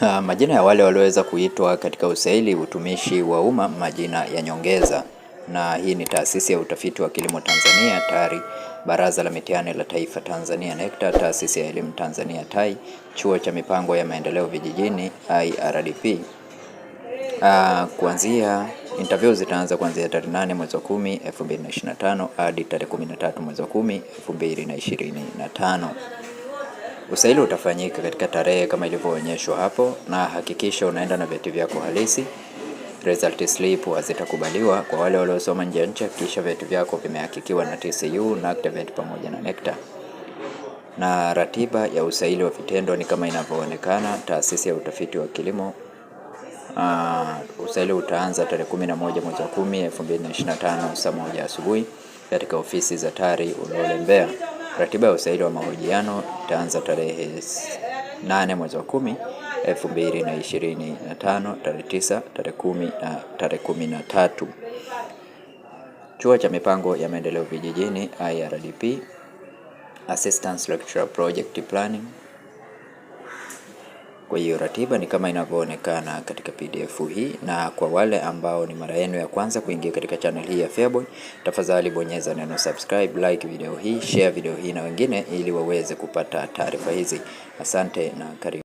Majina ya wale walioweza kuitwa katika usaili utumishi wa umma majina ya nyongeza, na hii ni Taasisi ya Utafiti wa Kilimo Tanzania TARI, Baraza la Mitihani la Taifa Tanzania NECTA, Taasisi ya Elimu Tanzania TAI, Chuo cha Mipango ya Maendeleo Vijijini IRDP. kuanzia interview zitaanza kuanzia tarehe 8 mwezi wa 10 2025 hadi tarehe 13 mwezi wa 10 2025. Usaili utafanyika katika tarehe kama ilivyoonyeshwa hapo, na hakikisha unaenda na vyeti vyako halisi. Result slip hazitakubaliwa kwa wale waliosoma nje ya nchi. Hakikisha vyeti vyako vimehakikiwa na TCU, NACTVET pamoja na NECTA. Na ratiba ya usaili wa vitendo ni kama inavyoonekana. Taasisi ya utafiti wa kilimo Uh, usaili utaanza tarehe 11 mwezi wa 10 2025 saa moja asubuhi katika ofisi za TARI Ulole Mbeya. Ratiba ya usaili wa mahojiano itaanza tarehe 8 mwezi wa kumi elfu mbili na ishirini na tano tarehe tisa tarehe kumi na tarehe kumi na tatu Chuo cha Mipango ya Maendeleo Vijijini IRDP Assistance Lecturer Project Planning kwa hiyo ratiba ni kama inavyoonekana katika PDF hii, na kwa wale ambao ni mara yenu ya kwanza kuingia katika channel hii ya Feaboy, tafadhali bonyeza neno subscribe, like video hii, share video hii na wengine, ili waweze kupata taarifa hizi. Asante na karibu.